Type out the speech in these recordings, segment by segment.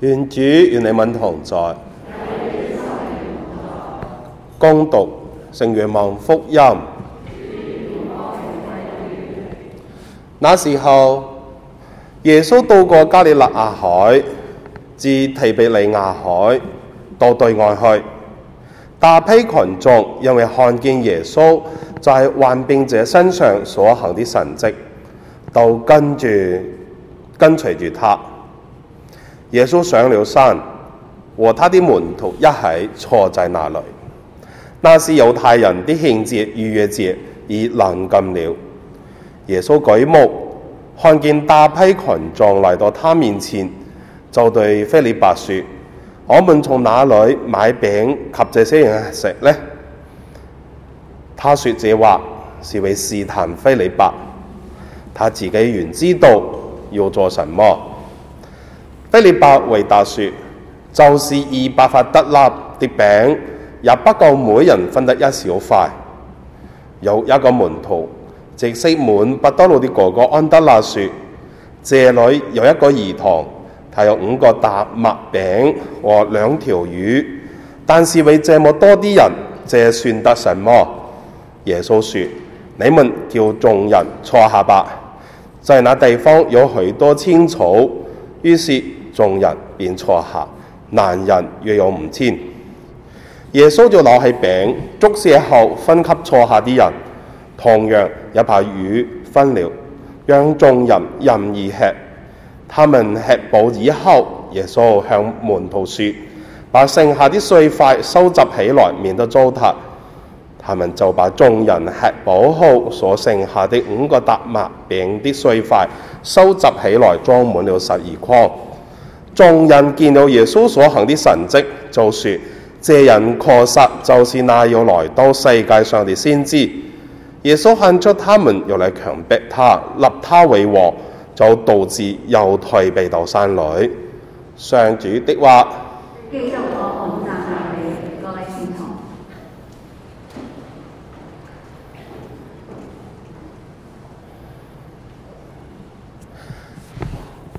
願主與你們同在，恭讀聖若望福音。那時候，耶穌到過加利肋亞海，至提比里亞海到對岸去。大批群眾因為看見耶穌在患病者身上所行的神蹟，都跟住跟隨住他。耶穌上了山，和他的門徒一齊坐在那裡。那時猶太人的慶節逾越節已臨近了。耶穌舉目看見大批群眾來到他面前，就對菲利伯說：我們從哪裡買餅及這些人食呢？他說這話是為試探菲利伯，他自己原知道要做什麼。腓理伯答覆說：就是二百塊德納的餅，也不夠每人分得一小塊。有一個門徒，即西滿伯多祿的哥哥安德肋說：這裏有一個兒童，他有五個大麥餅和兩條魚，但是為這麼多的人，這算得什麼？耶穌說：你們叫眾人坐下吧，在那地方有許多青草。於是。眾人便坐下，男人約有五千。耶穌就攞起餅，祝謝後分給坐下啲人，同樣也把魚分了，讓眾人任意吃。他們吃飽以後，耶穌向門徒説：把剩下的碎塊收集起來，免得糟蹋。他們就把眾人吃飽後所剩下的五個大麥餅啲碎塊收集起來，裝滿了十二筐。眾人見到耶穌所行啲神跡，就說這人確實就是那要來到世界上的先知。耶穌看出他們用嚟強迫他立他為王，就導致又退避到山裏。上主的話。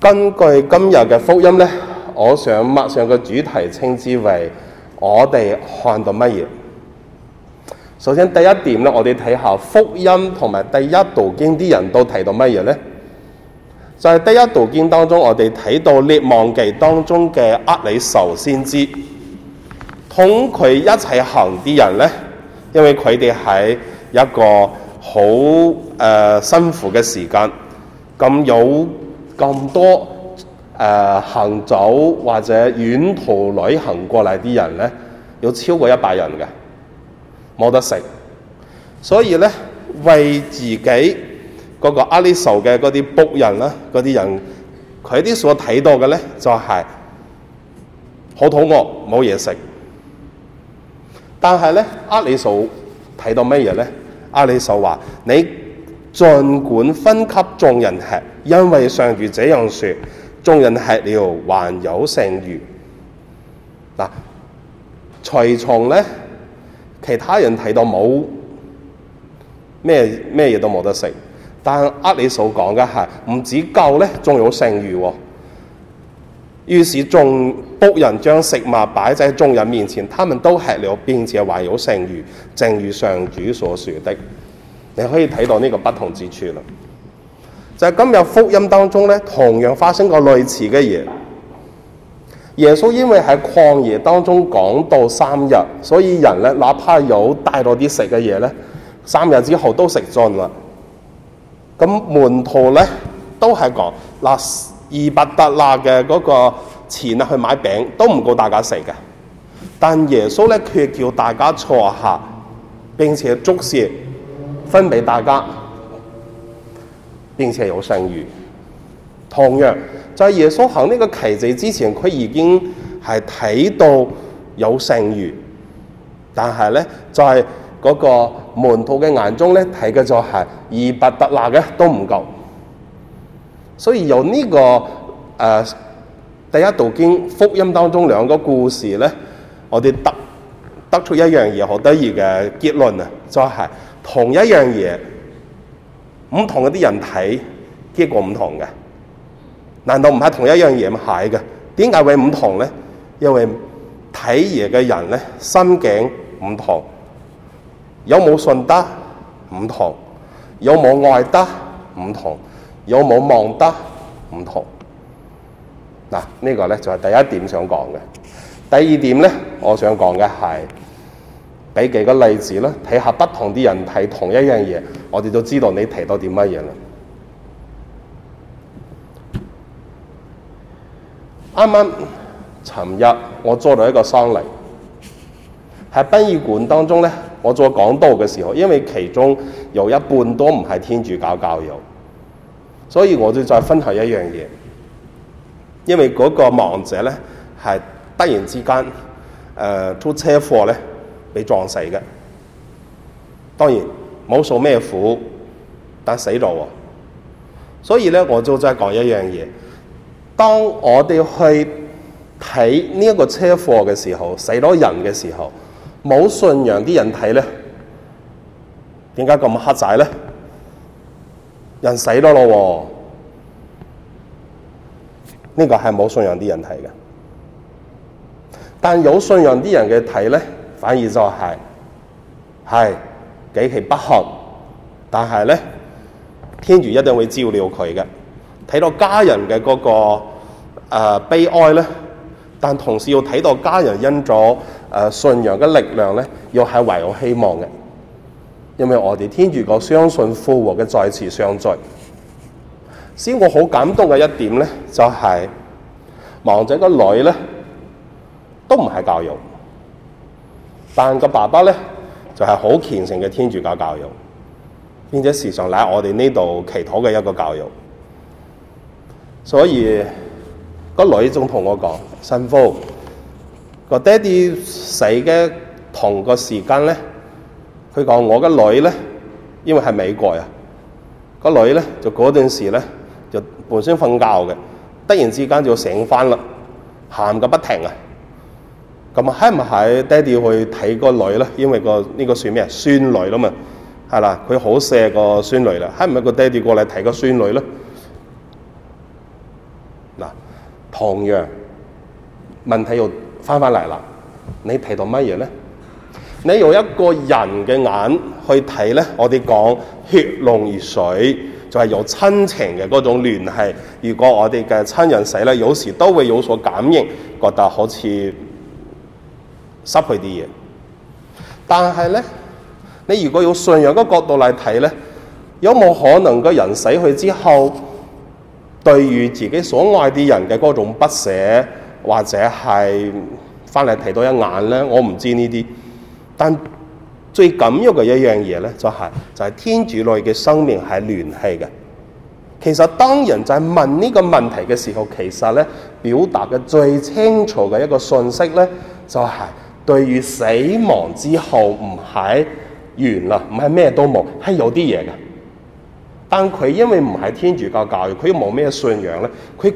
根據今日嘅福音咧，我想默上個主題，稱之為我哋看到乜嘢。首先第一點咧，我哋睇下福音同埋第一道經啲人都睇到乜嘢咧？在、就是、第一道經當中，我哋睇到列王紀當中嘅厄里叟先知同佢一齊行啲人咧，因為佢哋喺一個好誒、呃、辛苦嘅時間咁有。咁多誒、呃、行走或者遠途旅行過嚟啲人咧，有超過一百人嘅冇得食，所以咧為自己、嗰個阿里蘇嘅啲僕人啦，啲人佢啲所睇到嘅咧就係好肚餓冇嘢食，但係咧阿里蘇睇到乜嘢咧？阿里蘇話你盡管分級。眾人吃，因為上主這樣說，眾人吃了還有剩餘。嗱、啊，隨從呢，其他人睇到冇咩咩嘢都冇得食，但呃你所講嘅係唔止夠呢。仲有剩餘、哦。於是眾僕人將食物擺在眾人面前，他們都吃了，並且還有剩餘，正如上主所說的。你可以睇到呢個不同之處啦。就係、是、今日福音當中咧，同樣發生過類似嘅嘢。耶穌因為喺曠野當中講到三日，所以人咧，哪怕有帶到啲食嘅嘢咧，三日之後都食盡啦。咁門徒咧都係講嗱，二百德拉嘅嗰個錢啊，去買餅都唔夠大家食嘅。但耶穌咧，卻叫大家坐下並且祝謝分俾大家。並且有剩餘。同樣，在耶穌行呢個奇蹟之前，佢已經係睇到有剩餘，但係咧，在嗰個門徒嘅眼中咧，睇嘅就係二百德納嘅都唔夠。所以由呢、這個誒、呃、第一道經福音當中兩個故事咧，我哋得得出一樣嘢，好得意嘅結論啊，就係、是、同一樣嘢。唔同嗰啲人睇，結果唔同嘅，難道唔係同一樣嘢蟹嘅？點解會唔同咧？因為睇嘢嘅人咧，心境唔同，有冇信德唔同，有冇愛德唔同，有冇望德唔同。嗱，呢個咧就係第一點想講嘅。第二點咧，我想講嘅係。睇幾個例子啦，睇下不同啲人睇同一樣嘢，我哋就知道你提到啲乜嘢啦。啱啱尋日我做到一個喪禮，喺殯儀館當中咧，我做講道嘅時候，因為其中有一半都唔係天主教教友，所以我哋再分享一樣嘢。因為嗰個盲者咧，係突然之間誒出車禍咧。被撞死嘅，當然冇受咩苦，但死咗喎。所以咧，我就真係講一樣嘢，當我哋去睇呢一個車禍嘅時候，死咗人嘅時候，冇信仰啲人睇咧，點解咁黑仔咧？人死咗咯，呢個係冇信仰啲人睇嘅，但有信仰啲人嘅睇咧。反而就係、是、係幾其不幸，但係咧，天主一定會照料佢嘅。睇到家人嘅嗰、那個誒、呃、悲哀咧，但同時要睇到家人因咗誒、呃、信仰嘅力量咧，又係懷有希望嘅。因為我哋天主教相信復活嘅再次相聚。先我好感動嘅一點咧，就係望仔個女咧都唔係教育。但個爸爸咧就係、是、好虔誠嘅天主教教育，並且時常嚟我哋呢度祈禱嘅一個教育。所以個女仲同我講，神父，個爹哋死嘅同個時間咧，佢講我個女咧，因為喺美國啊，個女咧就嗰陣時咧就本身瞓覺嘅，突然之間就醒翻啦，喊個不停啊！咁係唔係爹哋去睇個女咧？因為個呢個算咩啊？孫女啦嘛，係啦，佢好錫個孫女啦。係唔係個爹哋過嚟睇個孫女咧？嗱，同樣問題又翻翻嚟啦。你睇到乜嘢咧？你用一個人嘅眼去睇咧，我哋講血濃如水，就係有親情嘅嗰種聯繫。如果我哋嘅親人死咧，有時都會有所感應，覺得好似。失去啲嘢，但係咧，你如果用信仰嘅角度嚟睇咧，有冇可能個人死去之後，對於自己所愛啲人嘅嗰種不捨，或者係翻嚟睇多一眼咧，我唔知呢啲。但最緊要嘅一樣嘢咧，就係、是、就係、是、天主類嘅生命係聯繫嘅。其實當人就係問呢個問題嘅時候，其實咧表達嘅最清楚嘅一個信息咧，就係、是對於死亡之後唔係完啦，唔係咩都冇，係有啲嘢嘅。但佢因為唔係天主教教育，佢冇咩信仰咧，佢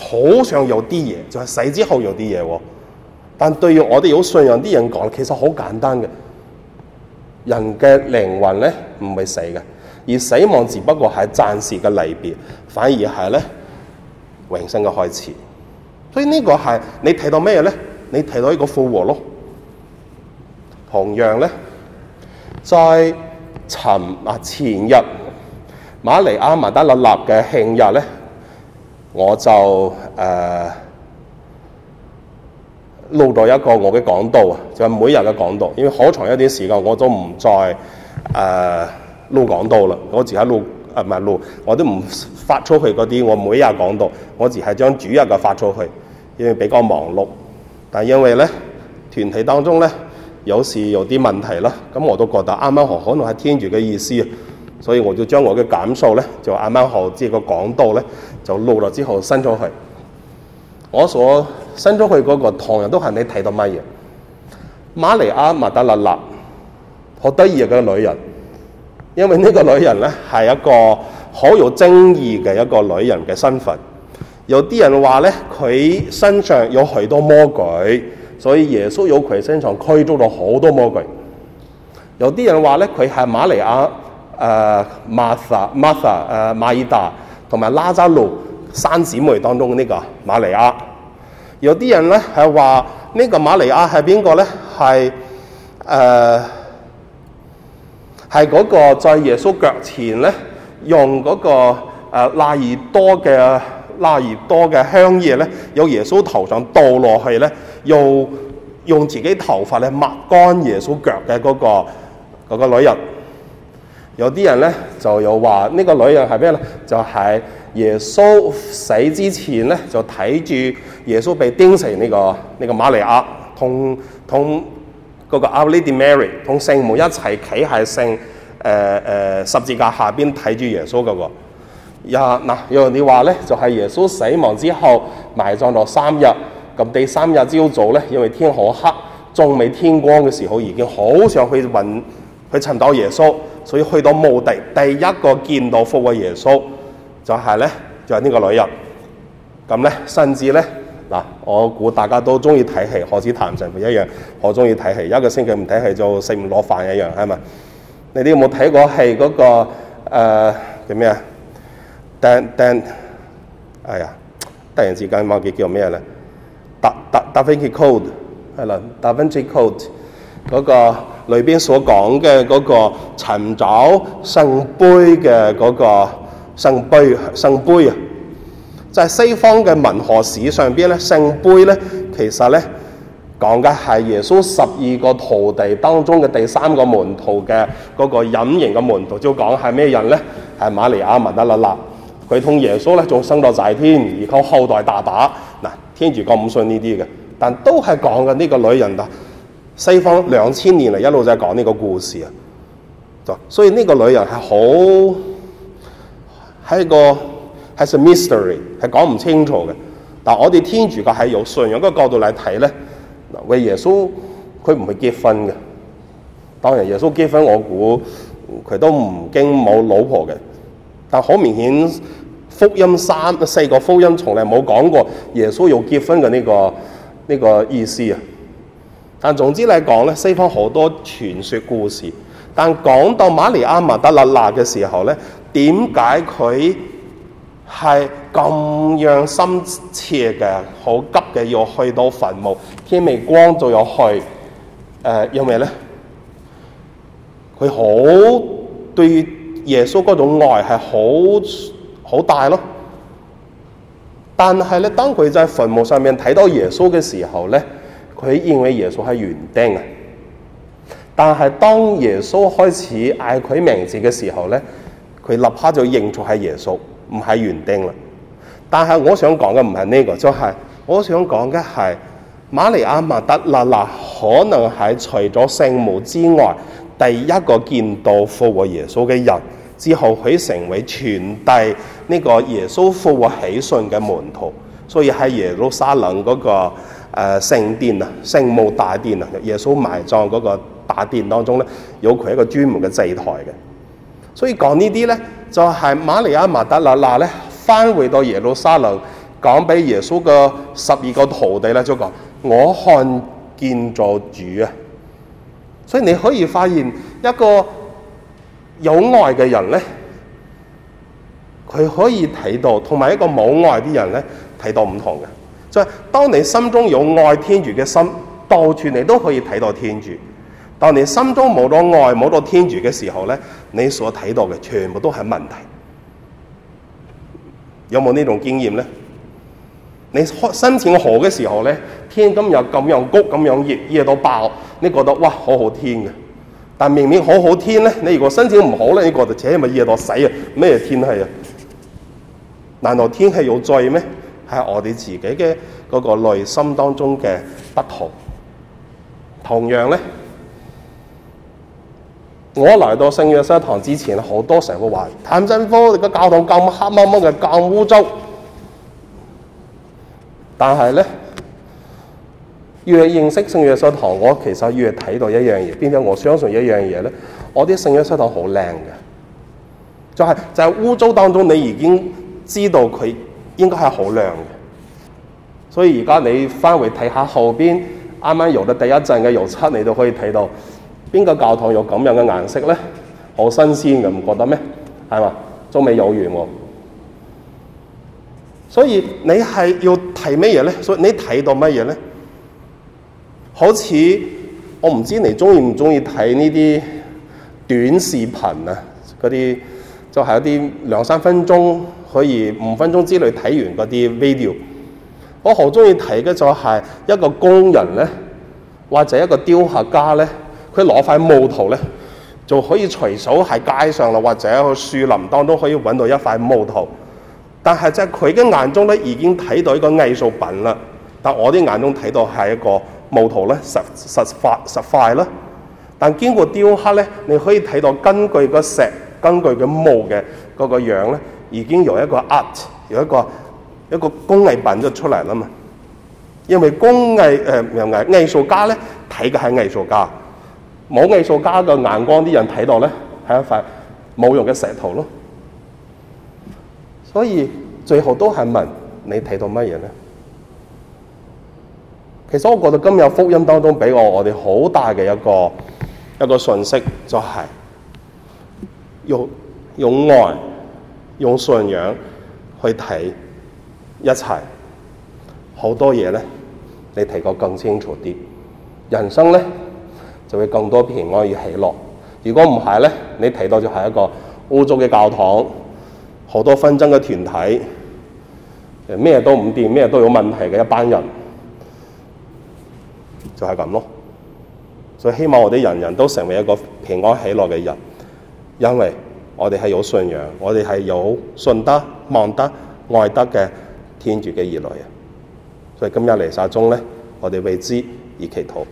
好想有啲嘢，就係死之後有啲嘢喎。但對於我哋有信仰啲人講，其實好簡單嘅，人嘅靈魂咧唔會死嘅，而死亡只不過係暫時嘅離別，反而係咧永生嘅開始。所以呢個係你睇到咩咧？你睇到一個復活咯。同樣咧，在尋啊前日瑪利亞瑪達肋納嘅慶日咧，我就誒、呃、錄到一個我嘅講道啊，就係、是、每日嘅講道。因為好長一段時間我，我都唔再誒錄講道啦。我自己錄誒唔係錄，我都唔發出去嗰啲我每日講道。我只係將主日嘅發出去，因為比較忙碌。但因為咧，團體當中咧。有時有啲問題啦，咁我都覺得啱啱好，可能係天主嘅意思啊，所以我就將我嘅感受咧，就啱啱好，即係個講道咧，就錄落之後伸出去。我所伸出去嗰、那個唐人都係你睇到乜嘢？瑪利亞瑪達肋納，好得意嘅女人，因為呢個女人咧係一個好有爭議嘅一個女人嘅身份。有啲人話咧，佢身上有許多魔鬼。所以耶穌有佢身上驅逐咗好多魔鬼，有啲人話咧，佢係瑪利亞、誒瑪撒、瑪撒、呃、誒馬爾大同埋拉扎路三姊妹當中呢個瑪利亞有些。有啲人咧係話呢個瑪利亞係邊個咧？係嗰、呃、個在耶穌腳前咧，用嗰、那個誒、呃、拉爾多嘅拉爾多嘅香葉咧，由耶穌頭上倒落去咧。又用自己頭髮咧抹乾耶穌腳嘅嗰、那個那個女人，有啲人咧就有話呢個女人係咩咧？就係、是、耶穌死之前咧就睇住耶穌被釘死呢個呢、那個瑪利亞，同同嗰個 Our Lady Mary 同聖母一齊企喺聖誒誒、呃呃、十字架下邊睇住耶穌嗰、那個。又嗱，又有人話咧就係、是、耶穌死亡之後埋葬落三日。咁第三日朝早咧，因為天好黑，仲未天光嘅時候，已經好想去揾去尋找耶穌，所以去到墓地，第一個見到復活嘅耶穌就係、是、咧就係、是、呢個女人。咁咧，甚至咧嗱，我估大家都中意睇戲，好似譚神父一樣，好中意睇戲。一個星期唔睇戲就食唔落飯一樣，係咪？你哋有冇睇過戲嗰、那個誒、呃、叫咩啊？鄧鄧哎呀，突然之間忘記叫咩啦。《達達達芬奇 code》係啦，《達芬奇 code》嗰個裏邊所講嘅嗰個尋找聖杯嘅嗰個聖杯聖杯啊，就係西方嘅文學史上邊咧，聖杯咧其實咧講嘅係耶穌十二個徒弟當中嘅第三個門徒嘅嗰個隱形嘅門徒就講，即係講係咩人咧？係瑪利亞·文德勒勒，娜麗拉，佢同耶穌咧仲生到仔添，而家後，後代大把嗱。天主教唔信呢啲嘅，但都係講緊呢個女人啊，西方兩千年嚟一路就係講呢個故事啊，所以呢個女人係好係一個係個 mystery，係講唔清楚嘅。但我哋天主教係有信仰嘅角度嚟睇咧，為耶穌佢唔會結婚嘅。當然耶穌結婚我，我估佢都唔驚冇老婆嘅，但好明顯。福音三、四個福音從來冇講過耶穌要結婚嘅呢、呢個呢、呢個意思啊！但總之嚟講咧，西方好多傳說故事。但講到瑪利亞瑪達肋納嘅時候咧，點解佢係咁樣深切嘅、好急嘅要去到墳墓？天未光就要去，誒、呃，因為咧，佢好對耶穌嗰種愛係好。好大咯！但係咧，當佢喺墳墓上面睇到耶穌嘅時候咧，佢認為耶穌係園丁啊。但係當耶穌開始嗌佢名字嘅時候咧，佢立刻就認出係耶穌，唔係園丁啦。但係我想講嘅唔係呢個，就係、是、我想講嘅係馬利亞瑪德拉娜可能係除咗聖母之外第一個見到復活耶穌嘅人。之後佢成為傳遞呢個耶穌復活喜訊嘅門徒，所以喺耶路撒冷嗰個誒聖殿啊、聖墓大殿啊、耶穌埋葬嗰個大殿當中咧，有佢一個專門嘅祭台嘅。所以講呢啲咧，就係瑪利亞·瑪達肋納咧，翻回到耶路撒冷，講俾耶穌嘅十二個徒弟咧，就講我看見咗主啊。所以你可以發現一個。有愛嘅人咧，佢可以睇到，同埋一個冇愛嘅人咧睇到唔同嘅。就係當你心中有愛天主嘅心，到處你都可以睇到天主。但你心中冇咗愛冇咗天主嘅時候咧，你所睇到嘅全部都係問題。有冇呢種經驗咧？你開身處河嘅時候咧，天今日咁樣谷咁樣熱熱到爆，你覺得哇好好天嘅。但明明好好天咧，你如果心情唔好咧，你覺得自己係咪熱到死啊！咩天氣啊？難道天氣有罪咩？係我哋自己嘅嗰個內心當中嘅不同。同樣咧，我嚟到聖約瑟堂之前，好多成日會話，譚振峰，你個教堂咁黑黒黒嘅，咁污糟。但係咧。越認識聖約翰堂，我其實越睇到一樣嘢。變咗我相信一樣嘢咧？我啲聖約翰堂好靚嘅，就係、是、就係污糟當中，你已經知道佢應該係好靚嘅。所以而家你翻回睇下後邊啱啱游得第一陣嘅油漆，你都可以睇到邊個教堂有咁樣嘅顏色咧？好新鮮嘅，唔覺得咩？係嘛？仲未有完喎。所以你係要睇乜嘢咧？所以你睇到乜嘢咧？好似我唔知你中意唔中意睇呢啲短視頻啊，嗰啲就係一啲兩三分鐘可以五分鐘之內睇完嗰啲 video。我好中意睇嘅就係一個工人咧，或者一個雕刻家咧，佢攞塊木頭咧，就可以隨手喺街上啦，或者喺樹林當中可以揾到一塊木頭。但係就係佢嘅眼中咧，已經睇到一個藝術品啦。但我啲眼中睇到係一個墓圖咧，實實，實塊實塊咯。但經過雕刻呢，你可以睇到根據個石，根據那個墓嘅嗰個樣呢，已經有一個 art，有一個一個工藝品咗出嚟啦嘛。因為工藝誒，又、呃、藝藝術家呢，睇嘅係藝術家，冇藝術家嘅眼光，啲人睇到呢，係一塊冇用嘅石頭囉。所以最後都係問你睇到乜嘢呢？」其實我覺得今日福音當中俾我我哋好大嘅一個一個信息，就是，就係用用愛、用信仰去睇一齊好多嘢咧，你睇過更清楚啲。人生咧就會更多平安與喜樂。如果唔係咧，你睇到就係一個污糟嘅教堂，好多紛爭嘅團體，誒咩都唔掂，咩都有問題嘅一班人。就係咁囉。所以希望我哋人人都成為一個平安喜樂嘅人，因為我哋係有信仰，我哋係有信德、望德、愛德嘅天主嘅兒女。所以今日彌撒中呢，我哋為之而祈禱。